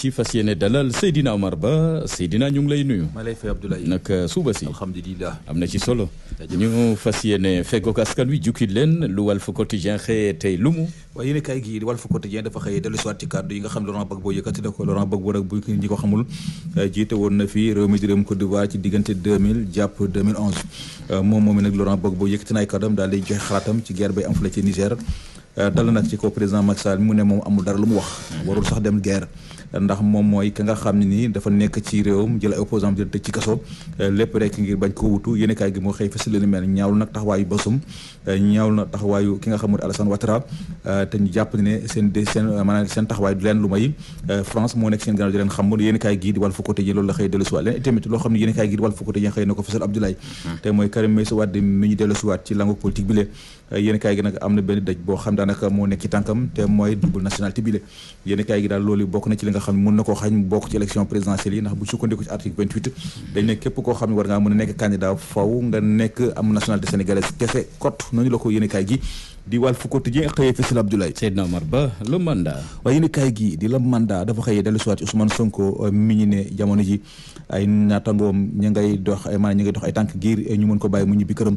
ci fas yéene dalal Seydina Omar Ba Seydina ñu ngi lay nuyu. ma lay fay Abdoulaye nag euh, suba si. alhamdulilah am na ci solo. ñu fas yéene feggoog askan wi jukkil leen lu Walf Quotidien xëyee tey lumu. waaye yéen a kaay gi Walf Quotidien dafa xëyee dellu siwaat ci yi nga xam Laurent Gbagbo yëkkati na ko Laurent euh, na fi réew mi di réewum Côte d'Ivoire ci diggante 2000 euh, moom moom mi nag Laurent Gbagbo yëkkati na ay kàddoom daal joxe xalaatam ci guerre bay am fële ci Niger Euh, dal nag ci ko président Macky mu ne moom amul dara lu mu wax warul sax dem guerre ndax moom mooy ka nga xam ne dafa nekk ci réewam mu ay opposant bi tëj ci kaso euh, lépp gi moo xëy fësal leen mel ñaawlu nag taxawaayu Bassoum euh, ñaawlu nag taxawaayu ki nga xam la hmm. mooy Karim Meïssa Wade mi ci langue politique bi le yéen kaay gi nag am na benn daj boo xam daanaka moo nekk ci tànkam te mooy double nationalité bi la kaay gi daal loolu bokk na ci li nga xam ne na koo xañ bokk ci élection présidentielle yi ndax bu sukkandiku ci article 28 dañ ne képp koo xam ne war ngaa mën a nekk candidat faw nga nekk am nationalité sénégalaise kese kot noonu la ko yéen kaay gi di Walf Quotidien xëyee fësal Abdoulaye Seydina Omar Ba le mandat waaye yéen kaay gi di le mandat dafa xëyee dellu siwaat Ousmane Sonko euh, mi ne jamono ji ay naatangoom ñu ngay dox maanaam ñu ngay dox ay tànk giir ñu mën ko bàyyi mu ñibbi këram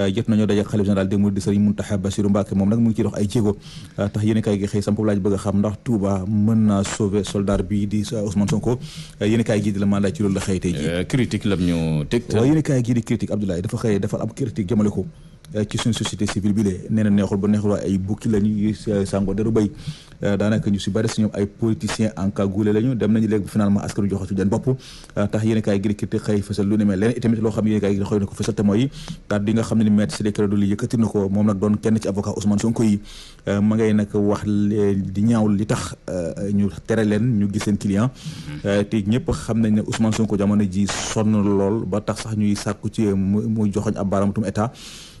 euh, jot nañoo daje xalif général des mourides Serigne Mountakha Bassirou Mbacké moom nag mu ngi ciy dox ay jéego euh, tax yéen kaay gi xëy samp laaj bëgg a xam ndax Touba mën naa sauver soldat bi di Ousmane Sonko yéen kaay gi di le mandat ci loolu la xëyee tey ji critique lam ñu teg waaye yéen kaay gi di critique dafa xëyee dafa am critique jëmale ko Euh, ci suñu société civile bi lee nee na neexul ba neexul waaye ay bukki lañu yu euh, sàngoo deru béy euh, daanaka ñu si bari si ñoom ay politiciens encagoulés lañu dem nañu léegi finalement askanu joxe su den bopp tax yéen kaay gi te xëy fësal lu ne mel leneen itamit loo xam ne yéen kaay gi xëy na ko fësal te mooy kàddu yi nga xam ne ni maître Ciré Clédor Ly yëkkati na ko moom nag doon kenn ci avocat Ousmane Sonko yi ma ngay nag wax di ñaaw li tax ñu tere leen ñu gis seen client mm-hmm. te ñëpp xam nañ ne Ousmane ko jamono ji sonn lool ba tax sax ñuy sàkku ci mu joxoñ ab baaraamatum état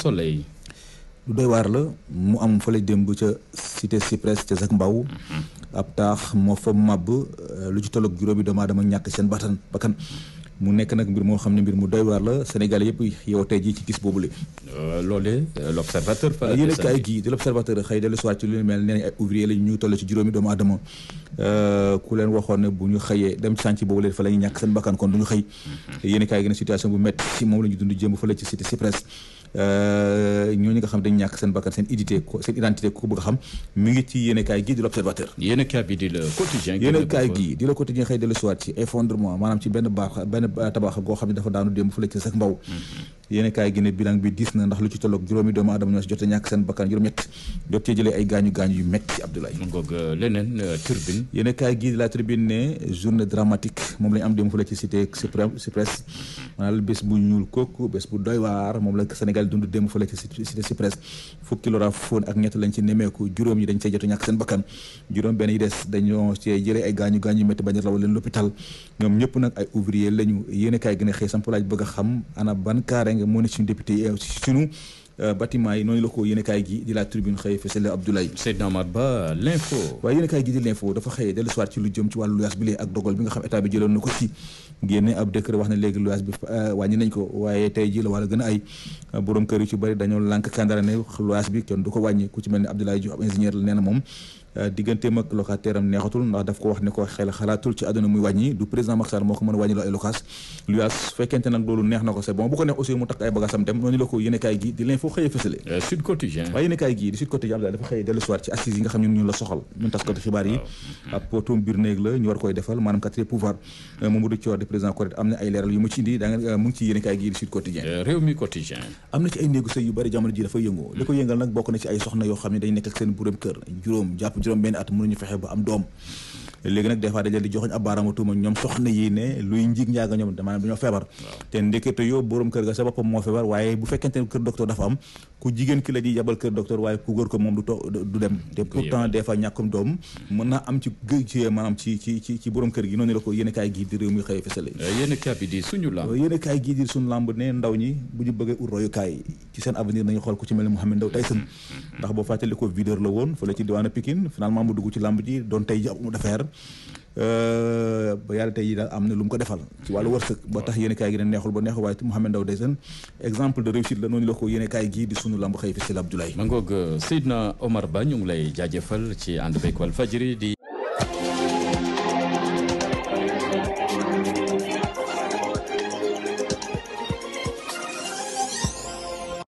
soleil. lu doy waar la mu am fële démb ca cité Cyprès ca Zac Mbao mhm. ab taax moo fa màbb lu ci tolloog juróomi doomu aadama ñàkk seen batan bakkan mu nekk nag mbir moo xam ne mbir mu doy waar la Sénégal yëpp yow tey jii ci gis boobu la. Euh, loolee euh, l' observateur. Euh, dem ci sànci boobu leen fa la ñuy ñàkk seen bakkan kon du ñu xëy. yéen kaay gi ne situation la ñu dund jëm fa la ci effondrement maanaam ci benn baax benn tabax goo xam ne dafa daanu démb fële ci sax mbaw mm-hmm. yéen gi ne bilan bi diis na ndax lu ci tolloog a ñàkk seen bakkan juróom-ñett jot cee jëlee ay gaañu gaañu yu metti Abdoulaye ngoog euh, leneen euh, turbine yéen moom la ñu am démb fële ci bu ñuul kooku bés bu doy waar moom la Sénégal dund démb fële ci cité Cyprès fukki Lorrafoon ak ñett lañ ci nemeeku juróom yi dañ cee jot a ñàkk seen bakkan juróom benn yi des dañoo cee jëlee ay gaañu gaañu yu metti bañ a rawal leen l'hôpital ñoom ñëpp nag ay ouvrier lañu yéen kaay gi ne xëy samp laaj bëgg a xam ana ban naataange moo ne suñu député yi euh, suñu Euh, bâtiment yi noonu la ko yéenekaay gi di la tribune xëy Ba l'info euh, la wala gën a ay euh, borom na moom digganteem ak locataire fekkente nag loolu neex na ko c'est bu ko neex aussi mu takk ay bagaasam dem noonu la ko yéenekaay gi di l'info xëy a fësale euh, Sud Quotidien waaye yéen kaay di Sud Quotidien Abdoulaye dafa xëy dellu soir ci assises yi nga xam ne ñun la soxal mm-hmm. ñun taskatu xibaar yi ab potum biir néeg la ñu war koy defal maanaam quatrième pouvoir euh, Mamadou Thior di président CORED am na ay leeral yu ma ci indi daa nga euh, ci yéen kaay di Sud Quotidien réew mi quotidien am na ci ay néegu yu bari jamono ji dafa yëngoo li ko yëngal nag bokk na ci ay soxna yoo xam ne dañ nekk léegi nag des fois dañ leen di joxoñ ab baaraamu tuuma ñoom soxna yi ne luy njig njaaga ñoom maanaam dañoo feebar te ndekete yoo borom kër ga sa boppam moo feebar waaye bu fekkente ne kër docteur dafa am ku jigéen ki la yabal kër docteur waaye ku ko moom du to du dem te pourtant des fois ñàkkum doom mën naa am ci gëj maanaam gi noonu la ko yéen di réew mi xëy fësale eh, yéen kaay di suñu làmb ne ndaw ñi bu ñu bëggee ut royukaay ci seen avenir nañu xool ku ci mel ni Mouhamed Ndao Tyson ndax boo fàttali ko la woon fële ci diwaanu Pikine finalement mu dugg ci làmb ji doon tey ji mu d'affaires yàlla tey yi daal am na lu ko defal ci wàllu wërsëg ba tax yéene kaay gi ne neexul ba neexul waaye Mouhamed Ndaw Deysan exemple de réussite la noonu la ko yéene kaay gi di sunu lamb xëy fi si Abdoulaye ma ngoog euh, Seydina Omar Ba ñu ngi lay jaajëfal ci ànd beeg Walfadjri di